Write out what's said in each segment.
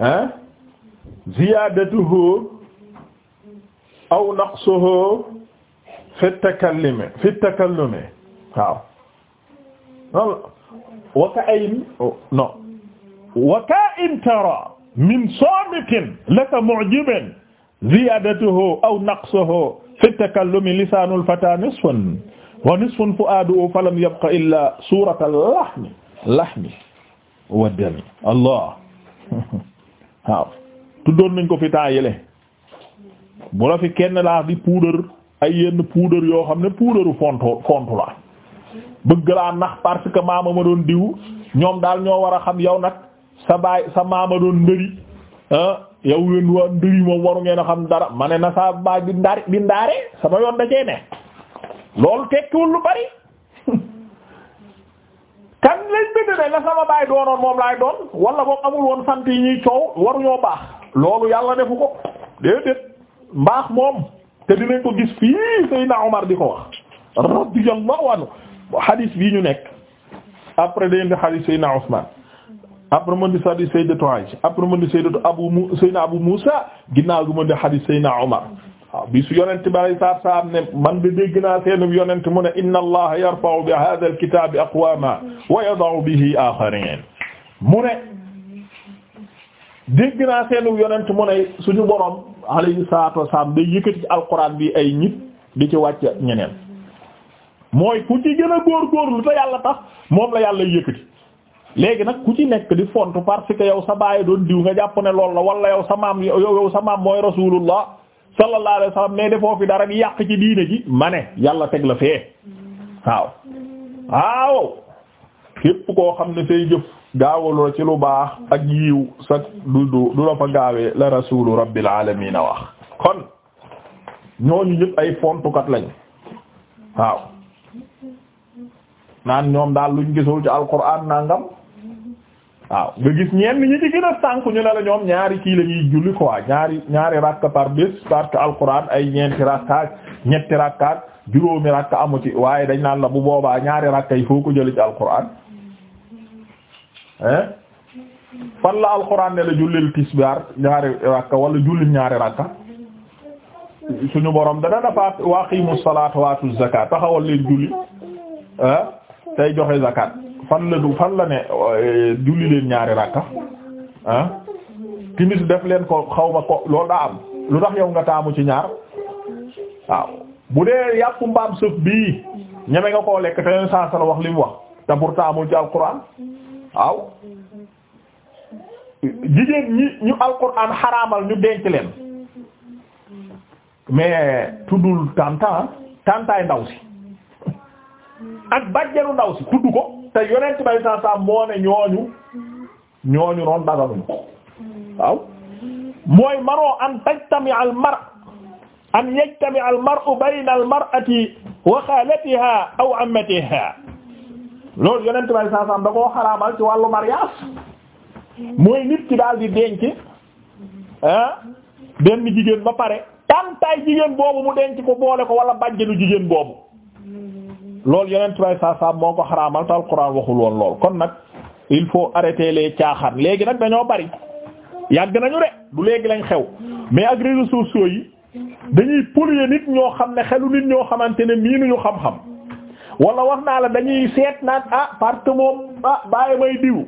ah ziyaadatuhu aw naqsuhu fi takallumi fi takallumi waaw non wa ka ayin oh, non wa ka in tara min saamitin laka mu'jibin ziyaadatuhu aw naqsuhu fi takallumi lisaanul fataa nisfun wa nisfun fu'aaduhu falam yabqa illaa suuratal lahmi lahmi wa dami Allah waaw tuddoon nañ ko fi temps bu la fi kenn laa di puudar ay yenn puudar yoo xam ne puudaru fontu fontu la bëgg laa nax parce que maama ma doon diw ñoom daal ñoo war a xam yow nag sa baay sa maama doon ndëri ah, yow yéen waa ndëri moom waru ngeen a xam dara ma ne na saa baay di ndaari sama yoon da cee loolu tekkiwul lu bari kan lañ bëgg la sama baay doonoon moom laay doon wala boog amul woon sant yi ñuy coow waruñoo baax loolu yàlla defu ko déedéet mbaax moom te dinañ ko gis fii Seydina Omar di ko wax radiyallahu anhu hadith bii ñu nekk après day indi hadith Seydina Usman après mu di hadith Sayyidatu Aisha après mu di Sayyidatu Abu Mu Seydina Abu Musa hadith Seydina Omar waaw bi su yonent bari saab saab ne man bi dégg naa seenub yonent mu ne inna allaha yarfa'u bi hadha alkitabi aqwama wa yada'u bi akharin mu ne dégg naa seenub yonent mu ne suñu borom alayhi salatu wasalam day yëkkati alquran bi ay nit di ci wàcc ñeneen mooy ku ci gën a góorgóorlu te yàlla tax moom la yàlla yëkkati léegi nag ku ci nekk di font parce que yow sa baay doon diw nga jàpp ne lool la wala yow sa maam yow sa maam mooy rasulullah sallallahu alayhi wasallam mais defoo fi dara di yàq ci diine ji ma yàlla teg la fee waaw waaw képp koo xam ne fay jëf gaawaloo ci lu baax ak yiw sa du du du la fa gaawee la rasulu rabbil alamin wax kon ñooñu ñëpp ay fontukat lañ waaw naan ñoom daal luñ gisul ci alquran nangam waaw nga gis ñenn ñi ci gën a sànku ñu ne la ñoom ñaari kii la ñuy julli quoi ñaari ñaari ràkka par bés parce que alxuraan ay ñeenti rakka ñetti rakka juróomi rakka amu ci waaye dañ naan la bu boobaa ñaari rakka yi foo ko jëlee ci alxuraan hein fan la alxuraan ne la jullil tisbaar ñaari rakka wala jullil ñaari rakka suñu borom dana dafa waqimu salaata waatu zakat taxawal leen julli ah tey joxe zakat. fan la du fan la ne euh, julli leen ñaari rakka ah timis def leen ko xaw ma ko loolu daa am lu tax yow nga taamu ci ñaar waaw bu dee yàppu mbaam sëf bii ñeme nga koo lekk te neen saasara wax li wax te pourtant taamul ci alquran waaw jigéen ñi ñu alquran xaraamal ñu denc leen mais tuddul tànta tàntaay ndaw si ak bàjjenu ndaw si tudd ko te yonent bay saa saa moo ne ñooñu ñooñu noonu daganuñu waaw mooy manoo an tajtami al mar an yajtami al mar'u bayna al mar'ati wa xaalatiha aw ammatiha loolu yonent bay saa saa da koo ci wàllu mariage mooy nit ki daal di denc ah benn jigéen ba pare tantaay jigéen boobu mu denc ko boole ko wala bàjjenu jigéen boobu loolu yeneen trois saa saa moo ko xaraamal te alquran waxul woon lool kon nag il faut arrêter les caaxaan léegi nag dañoo bari yàgg nañu de du léegi lañ xew mais ak réseaux sociaux yi dañuy polluer nit ñoo xam ne xelu nit ñoo xamante ne miinuñu xam-xam walla wax naa la dañuy seet naan ah parce que moom ah bàyyi may diw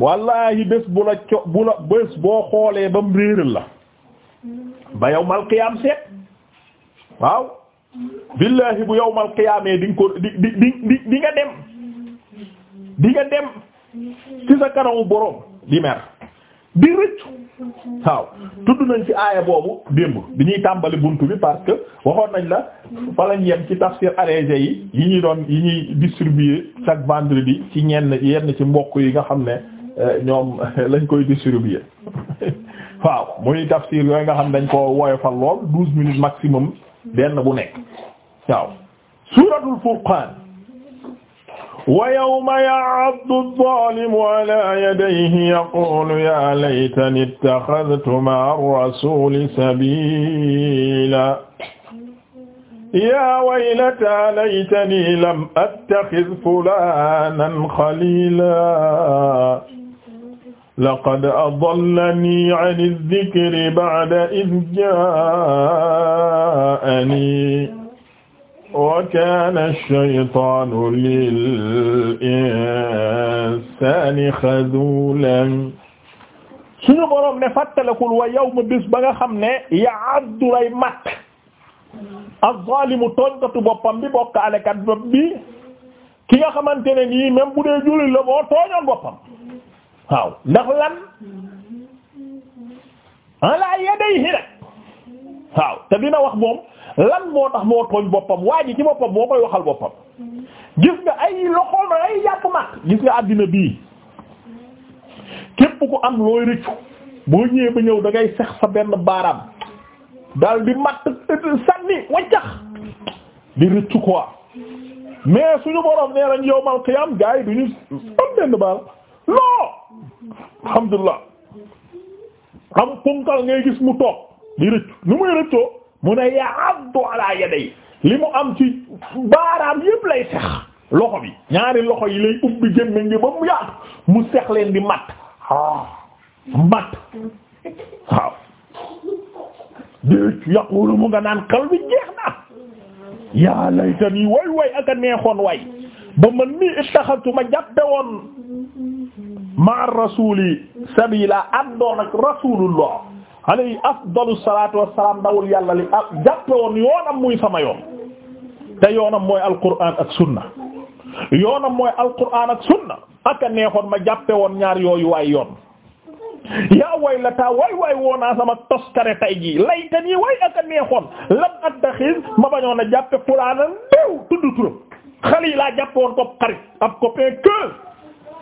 wallahi bés bu la bés boo xoolee ba mu réeral la ba yow mal qiyam seet waaw. billaahi bu yawmal qiyaamee di nga ko di di di nga dem di nga dem ci sa kanamu borom di mer di rëccu waaw tudd nañ ci aaya boobu démb bi ñuy tàmbali bunt bi parce que waxoon nañ la fa lañ yem ci tafsir allégé yi yi ñuy doon yi ñuy distribuer chaque vendredi ci ñenn yenn ci mbokk yi nga xam ne euh, ñoom lañ koy distribuer waaw muy tafsir yooyu nga xam dañ ko woyofal lool douze minutes maximum benn bu nekk waaw suuratul furqaan wa yawma ya'addu adh-dhalimu 'alaa yadayhi yaqulu yaa laytanii ittakhadhtu ma'a ar-rasuuli sabiilaa yaa waylataa laytanii lam attakhidh fulaanan khaliilaa laqad adallani an adh-dhikri ba'da idh jaa'ani wa kaana ash-shaytaanu lil-insaani khazuulan suñu boroom ne fàttalikul wa yawma bis ba nga xam ne ya'addu lay mat az-zaalimu tooñkatu boppam bi bokkaalekat bopp bi ki nga xamante ne nii même bu dee jullit la boo tooñoon boppam waaw ndax lan ala yadayhi rek waaw te dina wax moom lan moo tax moo tooñ boppam waa ji ci boppam moo koy waxal boppam gis nga ay loxoom ay yàpp mag gis nga àddina bii képp ku am looy rëccu boo ñëwee ba ñëw dangay ngay sex sa benn baaraam daal di matt sànni waccax di rëccu quoi mais suñu borom nee nañ yowmal qiyam gars yi duñu am benn baaraam non alhamdulilah am punkal ngay gis mu toog di rëccu ni muy rëccoo mu ne yaaddu ala yaday li mu am ci baaraam yépp lay sex loxo bi ñaari loxo yi lay ubbi a gi ba mu yaatu mu sex leen di matt ah matt waaw di rëccu yaqulu mu nga naan xal bi jeex na yaa laytani way way ak a neexoon way ba man nii ittaxatu ma jàppe ma rasuli sabila àndoon ak rasulullah afdalu salatu wassalam dawul yàlla li ah woon yoonam muy sama yoon te yoonam mooy alquran ak sunna yoonam mooy alquran ak sunna ak neexoon ma jàppe woon ñaar yooyu waay yoon yaa way la woonaa sama toskare tay jii layta nii waay ak a neexoon ma bañoon a jàppe fulaanan béew tudd turam xali laa jàppe woon ko xarit ab copain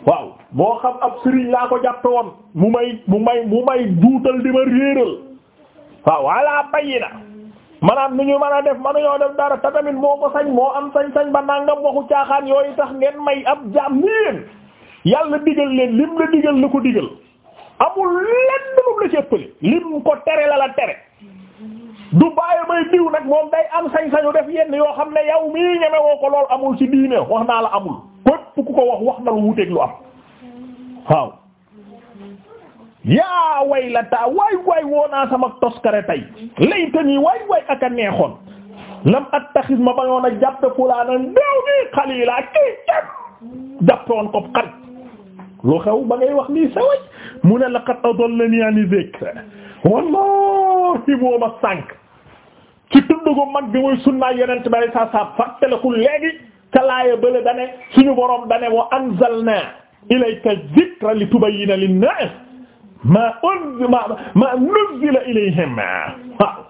waaw moo xam ab sëriñ laa ko jàppe woon mu may mu may mu may duutal di ma réeral waaw walla bayi na maanaam nu ñu mën a def manuñoo def dara te tamit moo ko sañ moo am sañ-sañ ba nangam waxu caaxaan yooyu tax ngeen may ab jaam ni leen yàlla digal leen lim la digal la ko digal amul lenn moom la ci ëppale lim ko tere la la tere du bàyyi may diw nag moom day am sañ-sañu def yenn yoo xam ne yow mii ñeme ko lool amul ci diine wax naa la amul. ku ko wax wax na lu wuteeg lu am waaw yaa way la taa waay waay laytani waay waay ak a neexoon lam attaxis ma bañoon a jàppe fulaanan néew nii kii jàpp jàppoon ko xarit lu xew ba ngay wax nii saway mu ne laqad adallani ani zikr wallahi mooma sànq ci tudd gu mag bi muy sunnaay yonent bi sallallahu alayhi wasallam ca laaya bële dane suñu boroom dane wa anzalna ilayka dhikra litubayyina lin-nas ma unzila ma ma nuzila ilayhim waaw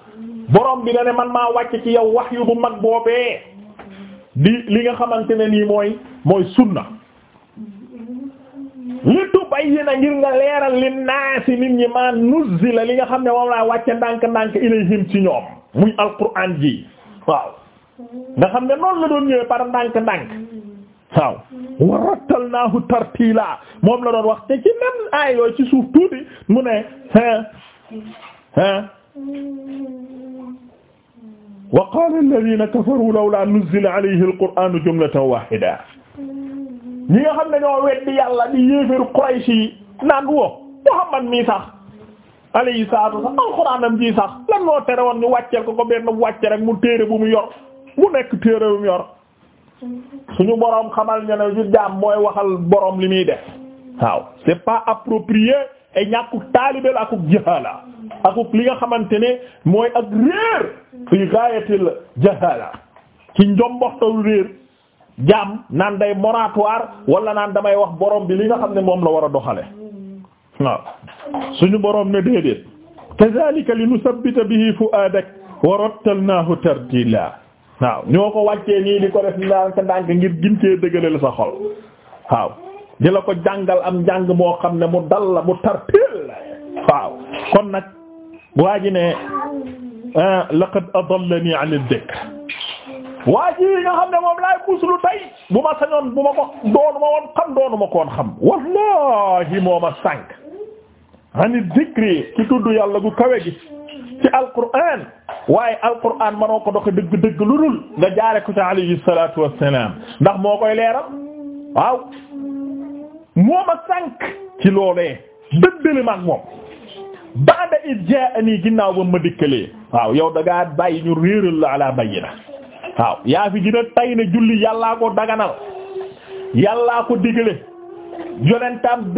boroom bi dane man maa wàcc ci yow wahyu bu mag boobee li nga xamante ne nii mooy mooy sunna li tubayyina ngir nga leeral linnaasi nit ñi ma nuzila li nga xam ne moom laa wàcce ndànk ndànk ilayhim ci ñoom muy alquran ji nga xam ne noonu la doon ñëwee par ndànk-ndànk waaw wa rattalnaahu tartiila moom la doon wax te ci même ay yooyu ci suuf tuuti mu ne hein hein wa qaala alladhiina kafaru lawlaa nuzzila alayhi alqur'aanu jumlatan waahida ñi nga xam ne ñoo weddi yàlla wo Muhammad mi sax alayhi salaatu wa salaam alqur'aanam ji sax la loo tere woon ñu wàcceel ko ko benn wàcce mu téere bu mu yor mu nekk téeréwum yor suñu boroom xamal ñene ñu jaam mooy waxal boroom li muy def waaw c'est pas approprié ay ñàkkuk taalibe la akuk jahala akuk li nga xamante ne mooy ak réer fi gaayatil jahala ci njomboxtalu réer jaam naan day moratoire wala naan damay wax boroom bi li nga xam ne moom la war a doxale waaw suñu boroom ne déedéet kazalika li nusabbita bihi fu'adak wa rattalnahu tartila waaw ñoo ko wàccee nii di ko def ndànk ndànk ngir gin cee dëgëral sa xol waaw di la ko jàngal am njàng moo xam ne mu dal la mu tartil waaw kon nag waa ji ne ah, laqad adallani an adh-dhikr waa ji nga xam ne moom laay puuslu tey bu ma sañoon bu ma ko doonu woon xam doonu ma xam wallahi moo ma sànk an adh-dhikri ci tudd yàlla gu kawe gi ci alquran waaye alquran manoo ko doxe dëgg-dëgg lu dul nga jaare ko ci alayhi salatu wassalam ndax moo koy leeral waaw moom a sànq ci loolee dëddale maag moom ba'da id ja'ani ginnaaw ba ma dikkalee waaw yow da ngaa bàyyi ñu réeral la ala bayyina waaw yaa fi gën a julli yàllaa ko daganal yàllaa ko digale yonentam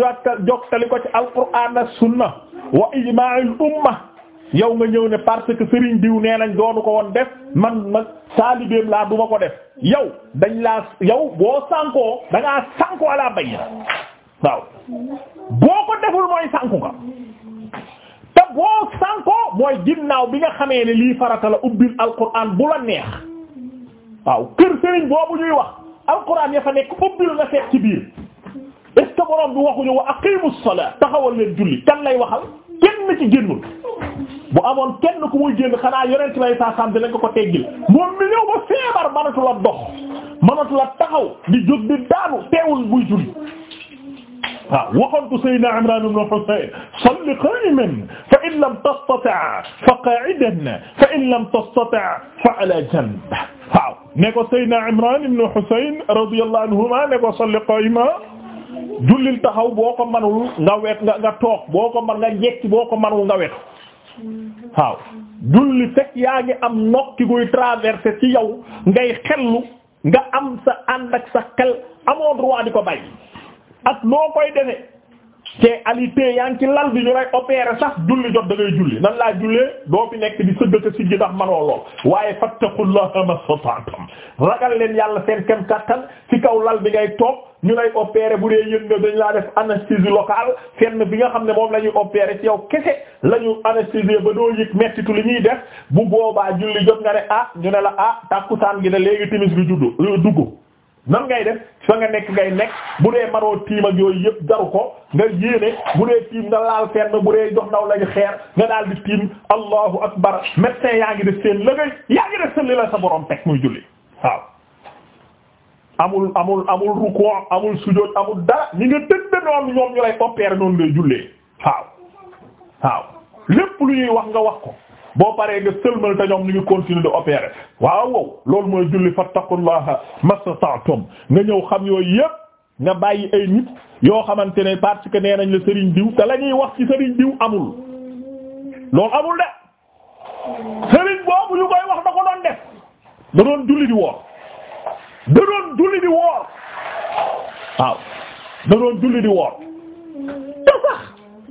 jottali ko ci alquran ak sunna wa ijma'il umma yow nga ñëw ne parce que Serigne diw nee nañ doonu ko won def man ma saalibeem laa duma ko def yow dañ laa yow boo sànkoo da ngaa sànkoo ala bayyi waaw boo ko deful mooy sànku nga te boo sànkoo mooy ginnaaw bi nga xamee ne lii farata la ubbil alquran bu la neex waaw kër Serigne boobu ñuy wax alquran ya fa nekk ubbil nga seet ci biir est ce que borom bi waxuñu wa aqimus salat taxawal leen julli kan lay waxal kenn ci génnul bu amoon kenn ku muy génn xanaa yonent ci lay sàssam dinañ ko ko teggil moom mi ñëw ba feebar mënatu la dox mënatu la taxaw di jóg di daanu teewul buy julli waaw waxantu Seydina Imran ibn Husayn salli qa'iman fa in lam tastati' fa qa'idan fa in lam tastati' fa ala janb waaw ne ko Seydina Imran ibn Husayn radiyallahu anhuma ne ko salli qa'iman jullil taxaw boo ko mënul nga wet nga nga toog boo ko mën nga jekki boo ko mënul nga wetu waaw julli fekk yaa ngi am nokki guy traversé ci yow ngay xellu nga am sa ànd sa xel amoo droit ko bay ak noo koy defe te alité yaa ngi ci lal bi ñu lay opérer sax julli jot da ngay julli nan laa jullee doo fi nekk di sëggaka si gi ndax manoo lool waaye fattaqullaha mastata'tum ragal leen yàlla seen kem kattan ci kaw lal bi ngay toog ñu lay opérer bu dee yën nga dañ laa def anesthésie locale fenn bi nga xam ne moom la ñuy opérer ci yow kese la ñu anesthésier ba doo yëg mettitu li ñuy def bu boobaa julli jot nga ne ah ñu ne la ah tàkkusaan gi ne léegi timis gi juddu dugg nan ngay def fa nga nekk ngay nekk bu dee manoo tiim ak yooyu yëpp jaru ko nga yéene bu dee tiim nga laal fenn bu dee jox ndaw lañu xeer nga daal di tiim allahu akbar médecin yaa ngi def seen lëgëy yaa ngi la sa borom teg muy julli waaw amul amul amul ruku amul sujjóot amul dara ñi nga tëdd noonu ñoom ñu lay opérer noonu lay jullee waaw waaw lépp lu ñuy wax nga wax ko boo paree nga sëlmal te ñoom ñu ngi continuer de opérer waaw wow loolu mooy julli fattaqullaha mastata'tum nga ñëw xam yooyu yépp nga bàyyi ay nit yoo xamante ne parce nee nañ la Serigne diw te la ñuy wax ci Serigne diw amul loolu amul de Serigne boobu ñu koy wax da ko doon def da doon julli di woor da doon julli di woor waaw da doon julli di woor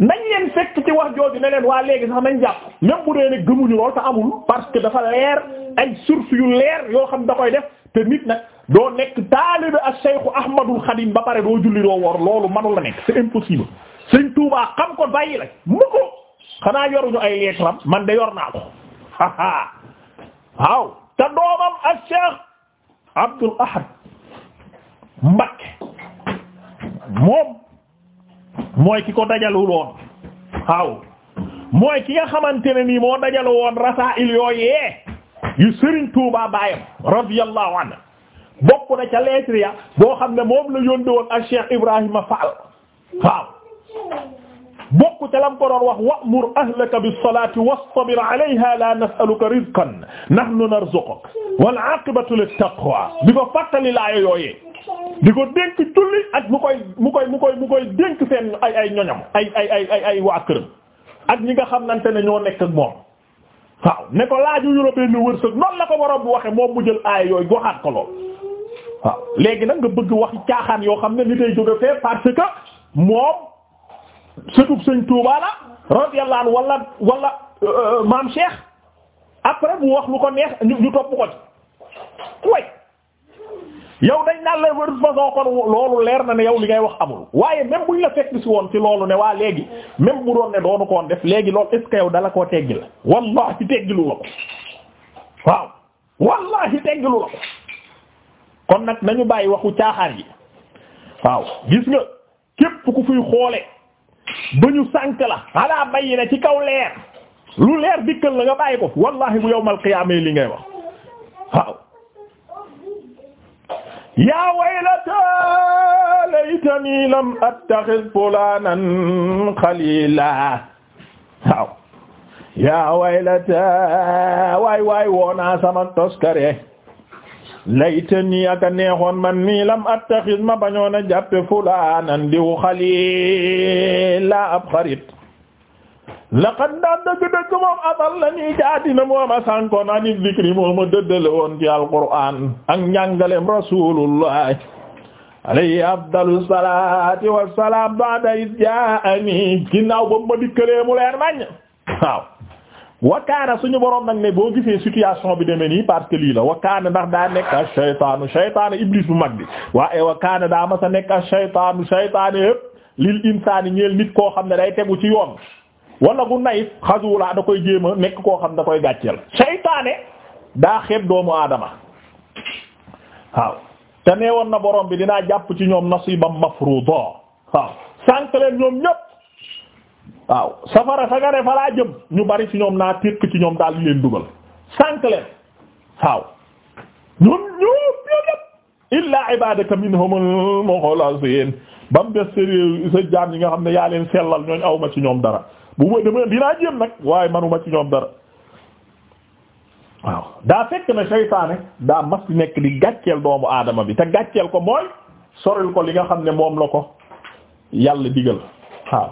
nañ leen fekk ci wax jooju ne leen waa léegi sax nañ jàpp même bu dee ne gëmuñu lool te amul parce que dafa leer ay source yu leer yoo xam da koy def te nit na doo nekk taalibe ak Cheikh Ahmadul Khadim ba pare doo julli doo wor loolu manu la nekk c'est impossible Sëriñ Tuubaa xam ko bàyyi la mu ko xanaa yoruñu ay leetram man de yor naa ko waaw te doomam ak Cheikh Abdul Ahad Mbacké moom mooy ki ko dajalul woon waaw mooy ki nga xamante ne nii moo dajalu woon rasaa'il yooyee yu Serigne Touba baayam radiyallahu anhu bokk na ca lettre ya boo xam ne moom la yónni woon ak Cheikh Ibrahima Fall waaw bokk ca lam ko doon wax wa'mur ahlaka bis-salati wastabir 'alayha la nas'aluka rizqan nahnu narzuquk wal 'aqibatu lit-taqwa bi ko fàttali laa yooyee di ko dénk julli ak mu koy mu koy mu koy mu koy dénk seen ay ay ñoñam ay ay ay ay ay waa këram ak ñi nga xamante ne ñoo nekk ak moom waaw ne ko laaju yu la benn wërsëg noonu la ko borom bu waxe moom mu jël aay yooyu waxaat ko lool waaw léegi nag nga bëgg waxi caaxaan yoo xam ne ni tay jóge fee parce que moom sëtub sëñ Tuubaa la radiyallahu anhu wala wala euh, maam Cheikh après bu wax lu ko neex ñu topp ko ci way yow dañ naan la wër façon kon loolu leer na ne yow li ngay wax amul waaye même buñ la fekk si woon ci loolu ne waa léegi même bu doon ne doonu koon def léegi loolu est ce dala koo teggi la wallahi teggilu la ko waaw wallahi teggilu la ko kon nag nañu bàyyi waxu caaxaar yi waaw gis nga képp ku fiy xoole ba ñu sànk la ala bayyi na ci kaw leer lu leer dikkal la nga bàyyi ko wallahi bu yowmal qiyaama li ngay wax yaa waylataa laytanii lam attaxiz fulaanan xaliilaa waaw yaa waylataa waay waay woonaa sama toskare laytanii ak a neexoon man nii lam attaxiz ma bañoon a jàppe fulaanan diw xaliilaa ab xarit laqad daan dëgg-dëgg moom abal la ñuy jaatina moom a sànkoon ani dikri moom a dëddale woon ci alquran ak njàngalem rasulullah alayhi afdalu salaati wassalaam ba'da iz jaa'ani ginnaaw ba ma dikkalee mu leer nañ waaw wakaana suñu borom nag ne boo gisee situation bi demee nii parce que lii la wakaana ndax daa nekk a shaytaanu shaytaanu iblis bu mag bi waaye wakaana daa mas a nekk a shaytaanu shaytaanu yépp lil insaani ñeel nit koo xam ne day tegu ci yoon wala bu nayif xasuwulaa da koy jéem a nekk koo xam da koy gàcceel seytaane daa xeeb doomu aadama waaw te won na borom bi dinaa jàpp ci ñoom nasibam mafruda waaw sànq leen ñoom ñépp waaw safara sa nga ne jëm ñu bari ci ñoom naa téq ci ñoom daal leen dugal sànq leen waaw ñoom ñoom ñépp illaa ibadaka minhumul mukhlasin ba mu des sa jaam yi nga xam ne yaa leen sellal ñooñ awma ci ñoom dara bu ma demee dinaa jéem nag waaye manuma ci ñoom dara waaw daa fekk na seytaane daa mas nekk di gàcceel doomu aadama bi te gàcceel ko mooy soril ko li nga xam ne moom la ko yàlla digal waaw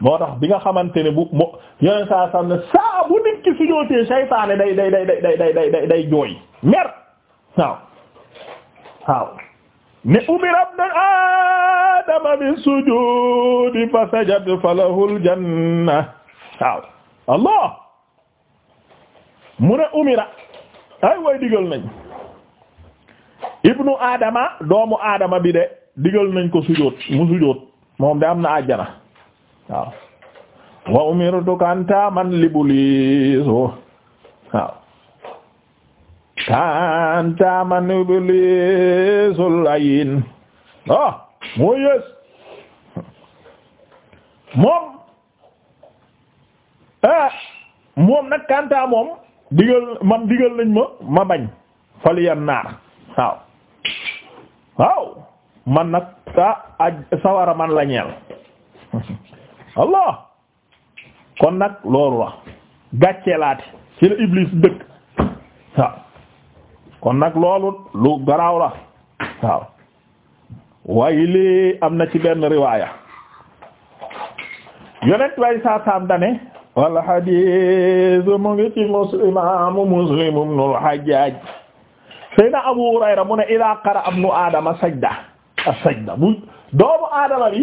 moo tax bi nga xamante ne bu mo yeneen saa sam saa bu nit ki seytaane day day day day day day day day mer waaw waaw ne umira ibnu aadama bi sujuudi fa falahul janna allah mu ne umira ay way digal nañ ibnu aadama doomu aadama bi de digal nañ ko sujoot mu sujoot moom de am na ajjana waaw wa umirtu kanta man libuliis waaw kanta man iblisul ayin ah moo yées moom ah moom nag kanta moom digal man digal nañ ma ma bañ faliyan naar waaw waaw man nag sa aj sawara man la ñeel allah kon nag loolu la gàcceelaate ci la iblis dëkk waaw kon nag loolu lu garaaw la waaw lii am na ci benn riwaaya yonent way saa saam dane wala hadith mu ngi ci muslim amu muslim ibn al-Hajjaj Abu Hurayra mu ne ila qara ibnu adama sajda as-sajda bu doomu adama bi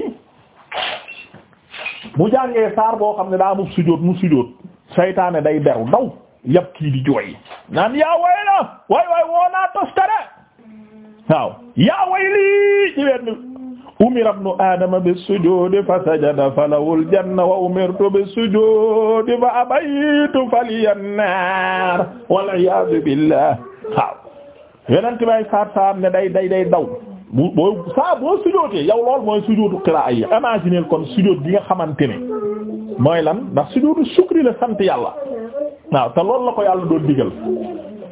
mu jàngee saar boo xam ne daa mu sujjóot mu sujjóot saytaane day beru daw yab kii jooy naan yaa way la waay waay woo yaa way lii ci wenn umira ibnu bi sujudi fa sajada falawul janna wa umirtu bi sujudi fa abaytu faliyan naar billah waaw yeneen bay saat saam ne day day daw boo saa boo sujudee yow lool mooy sujudu qira'a yi kon sujud bi nga xamante mooy lan ndax sujuudu sukri la sant yàlla waaw te loolu la ko yàlla doo digal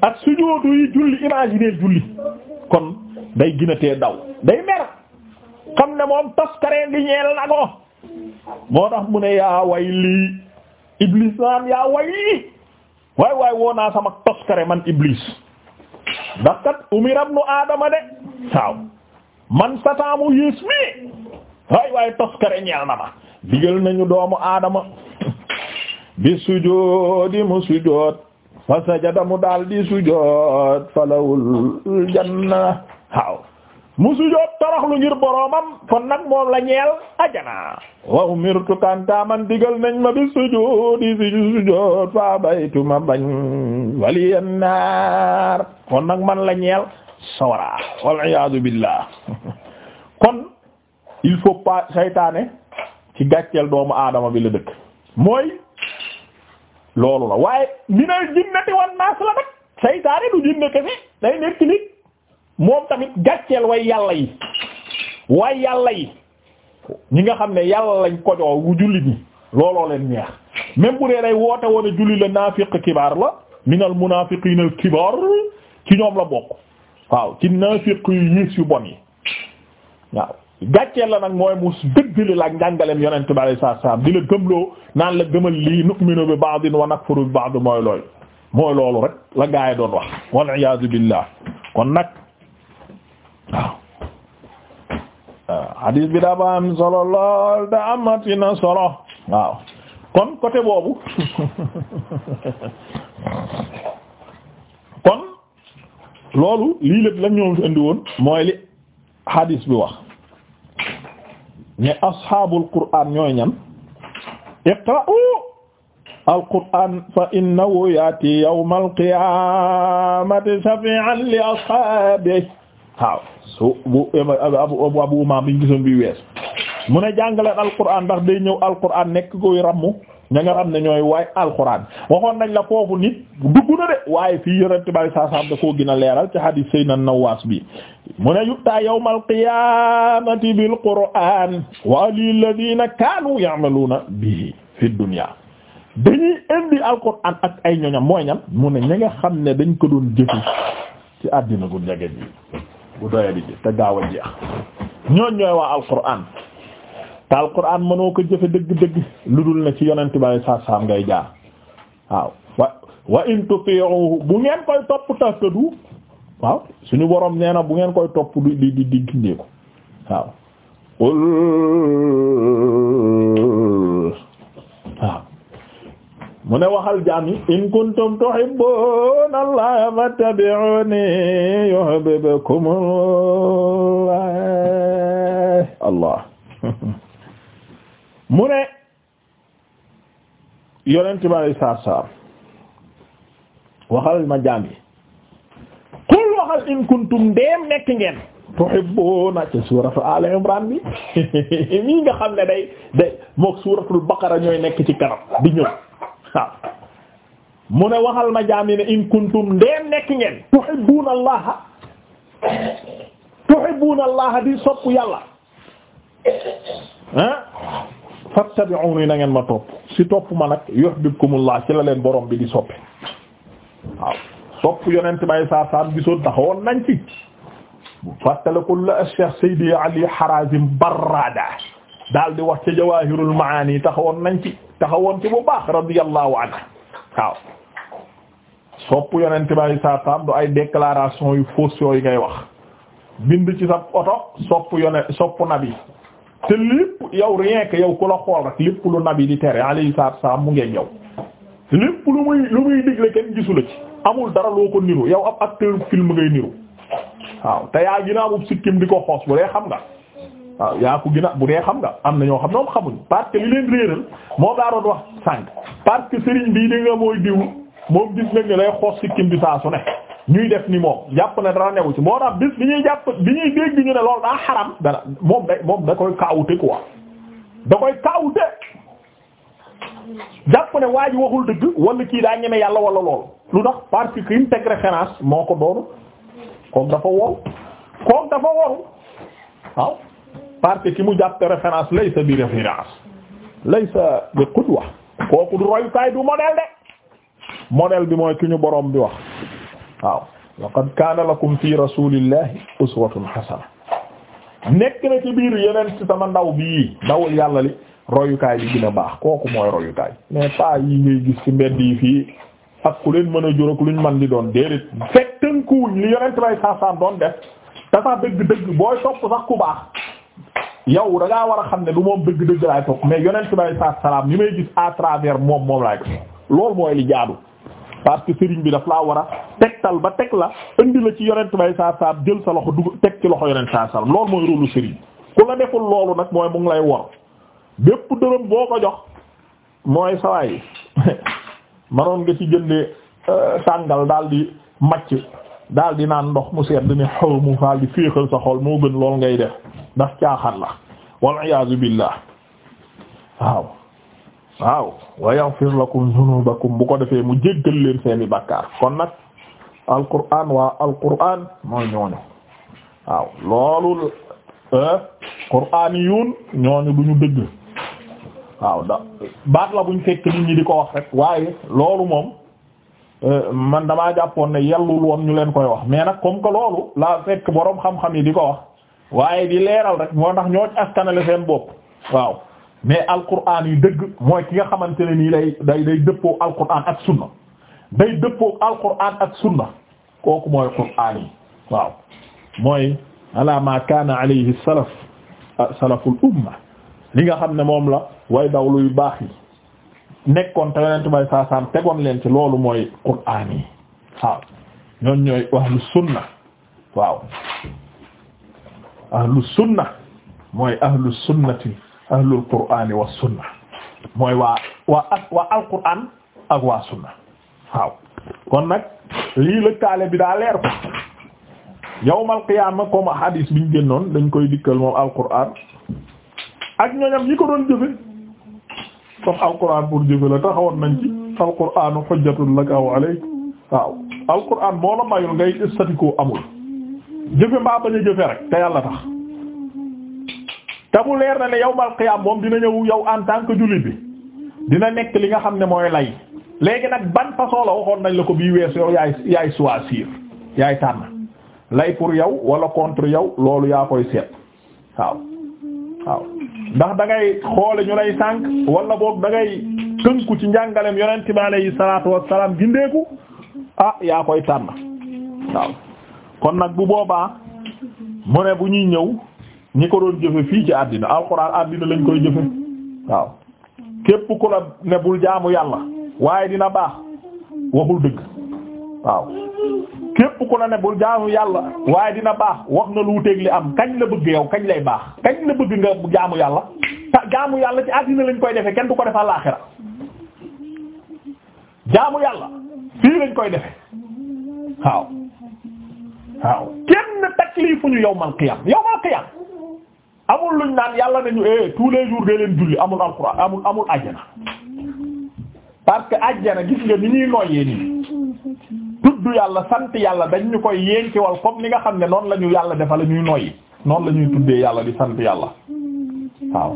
ak sujuudu yi julli imaginer julli kon day ginatee daw day mer xam ne moom toskaree di ñeel na ko moo tax mu ne yaa way lii iblis naan yaa way lii waay waay woo naa sama toskare man iblis ndax kat umira ibnu aadama de waaw man sataamu yées mi way waaye toskare ñeel na ma digal nañu doomu aadama bi sujoodi mu sujood fa sajada mu daal di sujood falawul janna waaw mu sujood toroxlu ngir boroomam kon nag moom la ñeel ajana wa umirtu kantaaman digal nañ ma bi sujoodi si fa baytu ma bañ waliyan naar kon nag man la ñeel sawara wal iyaadu billah il faut pas saytaane ci gàcceel doomu aadama bi la dëkk mooy loolu la waaye minal jinnati wan naas la nag saytaane du jinne kese day nekk nit moom tamit gàcceel way yàlla yi way yàlla yi ñi nga xam ne yàlla lañ kojoo wu jullit ñi looloo leen ñeex même bu dee day woote woon a julli la naafiq kibaar la minal munaafiqiin kibaar ci ñoom la bokk waaw ci naafiq yu yu bon yi waaw gàcceel la nag mooy mu dëgg la ak njàngaleem yonent bi alayhi salaam di la gëmloo naan la gëmal lii nu'minu bi ba'din wa nakfuru bi ba'd mooy looy mooy loolu rek la gaa doon wax wal iyaadu billah kon nag waaw bi daa ba solo lool da amatina solo waaw kon côté boobu kon loolu lii lépp la ñoom indi woon mooy li hadis bi wax ne ashaabul qur'aan ñooy ñan iqra'u al qur'aan fa innahu yaati yawmal qiyaamati shafi'an li ashaabihi waaw su bu abu abu umaam bi ñu gisoon bi wees mu ne jàngaleen al qur'aan ndax day ñëw al qur'aan nekk koy rammu ña nga xam ne ñooy waay alquran waxoon nañ la foofu nit dugg na de waaye fii yonent bari saa saam koo gën a leeral ci hadith sayna nawaas bi mu ne yuttaa yawmal qiyaamati bil qur'aan wa lilladina kaanu ya'maluuna bihi fi dunya dañuy indi alquran ak ay ñoñam mooy ñam mu ne ña nga xam ne dañ ko doon jëfi ci àddina gu jaget bi bu doya di te gaaw a jeex ñooñ ñooy waa alquran te alquran mënoo ko jëfe dëgg-dëgg lu dul ne ci yonent bi saa saam ngay jaar waaw wa wa in tuti'uhu bu ngeen koy topp tahtadu waaw suñu borom nee na bu ngeen koy topp di di di di gindeeku waaw waaw mu ne waxal jaam yi in kuntum tuhibbuna allaha fattabi'uni yuhibbukum allah mu ne yonent bi alay saar saar waxal ma jaam yi qul waxal in kuntum ndeem nekk ngeen tuhibbuna ci suuratu al imran bi nga xam ne day day mook suuratul baqara ñooy nekk ci kanam di ñëw mu ne waxal ma jaam yi ne in kuntum ndeem nekk ngeen tuhibbuna allaha tuhibbuna di sopp yàlla ah fattabi'uni na ngeen ma topp si topp ma nag yuhibbukumullah ci la leen borom bi di soppe waaw topp yonent bay saa saam gisoon taxawoon nañ ci fàttalikul la Cheikh Seydi Ali Harazim Barrada daal di wax ca Jawahirul Maani taxawoon nañ ci taxawoon ci bu baax radiyallahu anhu waaw sopp yonent bay saa saam du ay déclaration yu fausses yooyu ngay wax bind ci sa oto sopp yonent sopp nabi te lépp yow rien que yow ku la xool rek lépp lu nabi di tere alayhi salaatu salaam mu ngeen yow lépp lu muy lu muy digle kenn gisu la ci amul dara loo ko niru yow ab acteur film ngay niru waaw te yaa gën a amub sikkim di ko xoos bu dee xam nga waaw yaa ko gën a bu dee xam nga am na ñoo xam ñoom xamuñ parce que li leen réeral moo daa doon wax sànq parce que sëriñ bii di nga mooy diw moom gis nañ ne lay xoos sikkim bi saa su ne ñuy def ni moom jàpp na dara newu ci moo tax bis bi ñuy jàpp bi ñuy dégg ñu ne loolu daa xaram dara moom day moom da koy kaawute quoi da koy kaawute jàpp ne waa ji waxul dëgg walla kii daa ñeme yàlla wala lool lu tax ki que im teg référence moo ko doonu kook dafa woru kook dafa woru waaw ki mu jàpp référence laysa bi référence laysa bi qudwa kooku du royukaay du modèle de modèle bi mooy ki ñu borom bi wax waaw laqad kaana lakum fi rasulillahi uswatun hasana nekk na ci biir yeneen ci sama ndaw bii ndawul yàlla li royukaay bi gën a baax kooku mooy royukaay mais pas yi ngay gis ci mbedd yi fii ak ku leen mën a juróok luñ man li doon déedéet fekk tënkuwuñ li yonent bay saasaan doon def te sax dëgg-dëgg booy topp sax ku baax yow da ngaa war a xam ne du moom dëgg-dëgg laay topp mais yonent bay saasalaam li may gis à travers moom moom laay ko loolu mooy li jaadu parce que sëriñ bi daf laa war a tegtal ba teg la indi la ci yonent bay saa saam jël sa loxo dugg teg ci loxo yonent saa saam loolu mooy rôlu sëriñ ku la deful loolu nag mooy mu ngi lay wor bépp dërëm boo ko jox mooy sawaay manoon nga ci jënde euh, tàngal daal di macc daal di naan ndox mu sedd ni xaw mu daal di féexal sa xol moo gën lool ngay def ndax caaxaan la wal iyaazu billah waaw waaw wa yaghfir lakum dhunubakum bu ko defee mu jéggal leen seeni bàkkaar kon nag alquran waa alquran mooy ñooñu waaw loolu eh, qur'aniyun ñooñu du ñu dëgg waaw da baat la buñ fekk nit ñi di ko wax rek waaye loolu moom eh, man damaa jàppoon ne yellul woon ñu leen koy wax mais nag comme que loolu laa fekk boroom xam-xam yi di ko wax waaye di leeral rek moo tax ñoo askanale seen bopp waaw mais alquran yu dëgg mooy ki nga xamante ne nii day day day dëppoo alquran ak sunna day dëppoo alquran ak sunna kooku mooy qur'aan yi waaw mooy ala ma kaana alayhi salaf salaful umma li nga xam ne moom la way daw luy baax yi nekkoon te yonent bay saasaam tegoon leen ci loolu mooy qur'aan yi waaw ñoon ñooy ahlu sunna waaw ahlu sunna mooy ahlu sunnati ahlul qur'ani wa sunna mooy waa waa ak waa ak waa sunna waaw kon nag lii lëkkaale bi daa leer ko yawmal qiyaama comme hadis biñ génnoon dañ koy dikkal moom alqur'an ak ñoñam ñi ko doon jëfe comme alqur'an pour jëfe la taxawoon nañ ci alqur'anu hujjatun laka wa alayk waaw alqur'an moo la mayul ngay statu amul jëfe mbaa bañ jëfe rek te yàlla tax te mu leer na ne yawmal qiyaam moom dina ñëw yow en tant que jullit bi dina nekk li nga xam ne mooy lay léegi nag ban façon la waxoon nañ la ko bii weesu yow yaay yaay choisir yaay tànn lay pour yow wala contre yow loolu yaa koy seet waaw ndax da ngay xoole ñu lay sànk wala boobu da ngay tënku ci njàngalem yonent bi alayhi salaatu wassalaam gindeeku ah yaa koy tànn waaw kon nag bu boobaa mu ne bu ñuy ñëw ñi ko doon jëfe fii ci àddina alxuraan àddina lañ koy jëfe waaw képp ku la ne jaamu yàlla waaye dina baax waxul dëgg waaw képp ku la ne bul jaamu yàlla waaye dina baax wax na lu wuteeg am kañ la bëgg yow kañ lay baax kañ la bëgg nga jaamu yàlla ta jaamu yàlla ci àddina lañ koy defe kenn du ko def àllaxira jaamu yàlla fii lañ koy defe waaw waaw kenn taklifuñu yawmal qiyam yawmal qiyam amul ñu naan yàlla nañu eh tous les jours dee leen julli amul alxuraan amul amul ajjana parce que ajjana gis nga ni ñuy noyyee nii tudd yàlla sant yàlla dañ ñu koy yéenkewal comme ni nga xam ne noonu la ñu yàlla defa la ñuy noyyi noonu la ñuy tuddee yàlla di sant yàlla waaw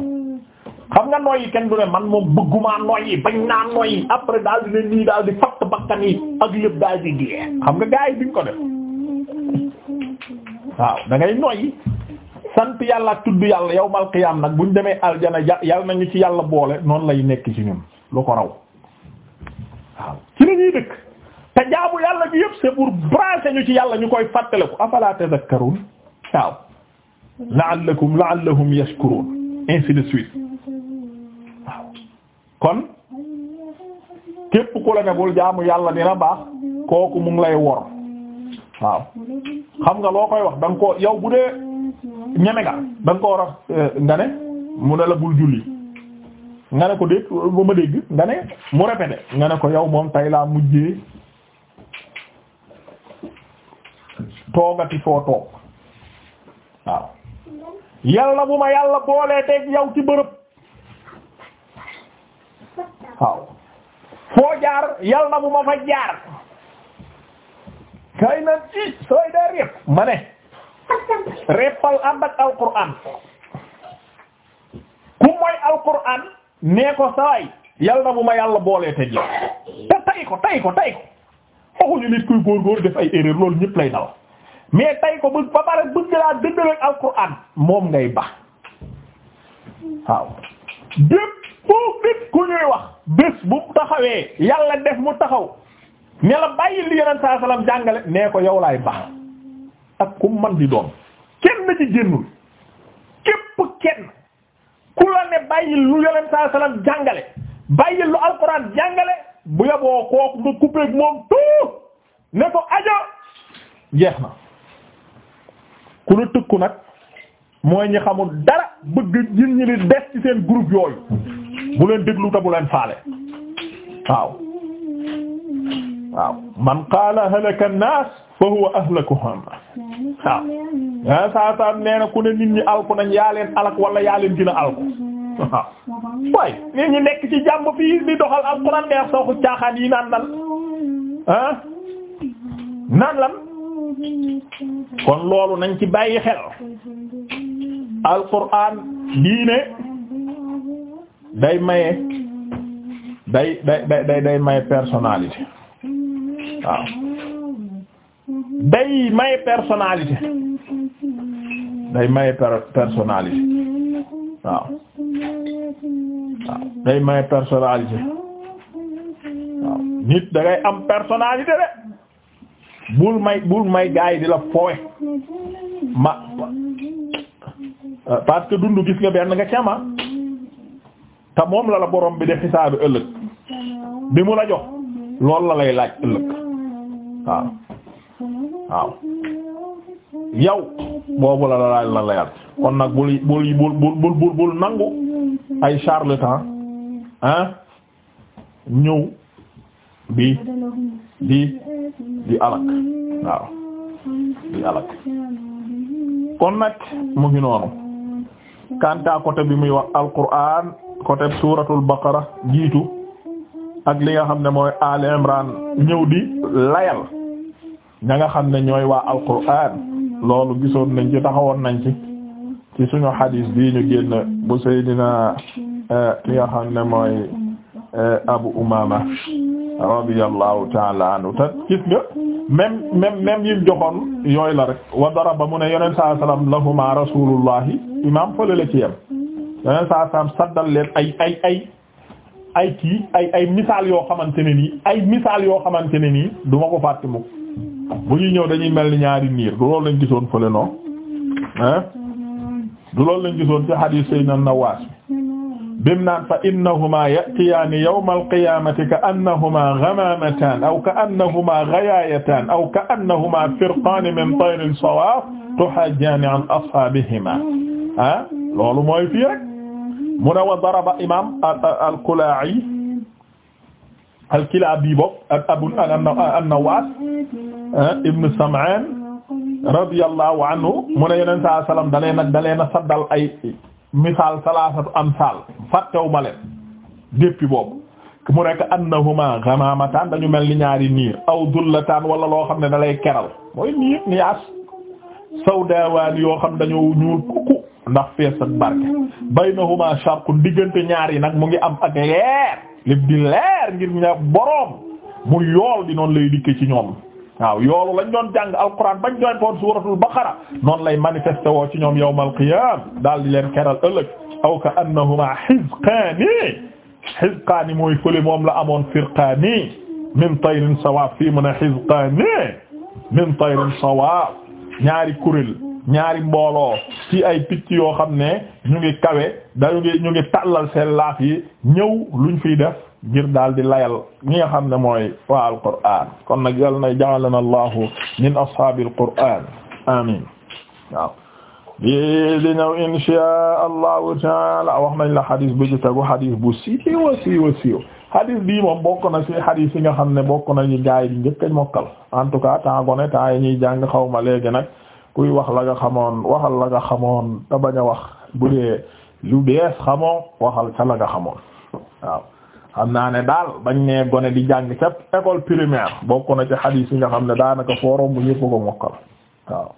xam nga noyyi kenn du ne man moom bëgguma noyyi bañ naa noyyi après daal di ne nii daal di fatt bakkan yi ak lépp daal di dee xam nga gars yi duñ ko def waaw da ngay sant yàlla ak tudd yàlla yawmal qiyaam nag buñ demee aljana yàlla ñu ci yàlla boole noonu lay nekk ci ñun lu ko raw waaw ci la dëkk te jaamu yàlla bi yëpp c'est pour brancher ñu ci yàlla ñu koy fàttaliku afala tadhakkarun waaw la'allakum la'allahum yashkurun ainsi de suite kon képp ku la ne jaamu yàlla dina baax kooku mu ngi lay wor waaw xam nga loo koy wax da nga ko bu dee ñeme nga da nga ko war a euh, nga ne mu ne la bul julli nga ne ko dégg ba ma dégg nga ne mu répété nga ne ko yow moom tay laa mujjee toogati foo toog waaw yàlla bu ma yàlla boolee teeg yow ci bërëb waaw foo jaar yàlla bu ma fa jaar kay na ci sooy dee répp ma ne reppal ànd ak alquran ku mooy alquran nee ko sawaay yal bu ma yàlla boolee te ji te tay ko tay ko tay ko waxuñu nit kuy góorgóor def ay erreur loolu ñëpp lay dal mais tay ko bëgg ba pare bëgg laa dëggal ak alquran moom ngay ba waaw bépp foofu nit ku ñuy wax bés bu taxawee yàlla def mu taxaw ne la bàyyi li yonent saa salaam jàngale nee ko yow laay ba ak ku man di doon kenn ci génnul képp kenn ku la ne bàyyil lu yonent saa salaam jàngale bàyyil lu alxuraan jàngale bu yaboo kooku nga coupé moom tout ne ko ajo jeex na ku la tëkku nag mooy ñi xamul dara bëgg ñin des ci seen groupe yooyu bu leen déglu ta bu leen faale waaw waaw man qaala halaka an fa huwa ahlakuhum waaw ah saa saa nee ku ne nit ñi alku nañ yaa leen alak wala yaa leen dina alku waaw nit ñi nekk ci jàmm fii di doxal alquran ngay wax sooxu caaxaan yi naan lan ah kon loolu nañ ci bàyyi xel alquran diine day maye day day day day maye personnalité waaw. day may personnalité day may personnalité waaw waaw day may personnalité waaw nit da am personnalité de bul may bul may gaay yi di la fowe ma parce que dund gis nga benn nga cama te moom la la borom bi de xisaabi ëllëg bi mu la jox loolu la lay laaj ëllëg waaw waaw yow boobu la la layal kon nag bul bul bul bul bul bul nangu ay charlatan ah ñëw bi di di alak waaw di alak kon nag mu ngi noonu bi muy wax alquran côté suratul baqara jiitu ak li nga xam ne mooy al imran ñëw di layal ña nga xam ne ñooy waa alquraan loolu gisoon nañ ci taxawoon nañ ci ci suñu hadis bii ñu génn bu Seydina eh, ki nga xam ne mooy eh, Abu Umama radiyallahu taala anhu te gis nga même même même yim joxoon yooyu la rek wa daraba mu ne yoneen saa sallam lahuma rasulullahi imam fële la ci yem yoneen saa sallam saddal leen ay ay ay ay kii ay ay misaal yoo xamante ne nii ay misaal yoo xamante ne nii du ma ko fàtte mukk bu ñuy ñëw dañuy mel ni ñaari niir du loolu lañ gisoon fële noonu ah du loolu lañ gisoon ci hadith Sayyidina Nawaas bim naan fa innahumaa ya'tiyaani yawmal qiyaamati ka annahumaa ghamamataan aw ka annahumaa ghayaayataan aw ka annahumaa firqaani min tayrin sawaaf tuhaajaani an ashaabihimaa ah loolu mooy fii rek mu ne wa daraba imaam al-Kalaa'i al-Kilaabi bopp ak Abu an-Nawaas ah, ibn Sam'aan radiyallahu anhu mu ne yeneen saa salaam dalee nag dalee na saddal ay misaal salaasatu amsaal fàttewu ma leen déppi boobu mu nekk annahuma ghamaamataan dañu mel ni ñaari niir aw dullataan wala loo xam ne dalay keral mooy niir niyaas sawdawaan yoo xam dañoo ñuul kukku ndax fees ak barke baynahuma sharqun diggante ñaar yi nag mu ngi am ak leer lépp di ngir ña boroom yool di noonu lay dikke ci ñoom waaw yoolu lañ doon jàng alquran bañ doon toon suuratul lay manifesté woo ci ñoom yawmal qiyaam daal di leen keral ëllëg aw ka annahuma hizqaani mooy fële moom la amoon firqaani min tayrin sawaaf fii mën a hizqaani min tayrin sawaaf ñaari kuréel ñaari mbooloo ci ay picc yoo xam ne ñu ngi kawe dañu ngi ñu ngi tàllal seen laaf yi ñëw luñ fi def ngir daal di layal ñi nga xam ne mooy waa alqur'an kon nag yàlla na ja'alana allahu min ashaabil qur'an amin waaw bi di ñëw inshaa allahu taala wax nañ la xadis bu te tegu xadis bu siiwa siiwa siiw xadis bii moom bokk na ci xadis yi nga xam ne bokk nañu gaay yi di njëkk a mokkal en tout cas temps gone yi ñuy jàng xaw ma léegi nag kuy wax la nga xamoon waxal la nga wax bu dee lu bees xamoo waxal ca la xamoon waaw xam naa ne daal bañ ne gone di jàng ca école primaire bokk na ci hadith yi nga xam ne daanaka forom bu ñëpp ko mokkal waaw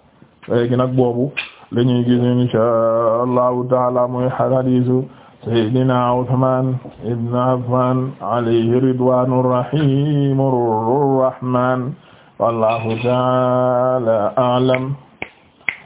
léegi nag boobu la ñuy gis insha allahu taala muy hadithu sayyidina Uthman ibn Affan alayhi ridwanur rahimur wallahu taala a'lam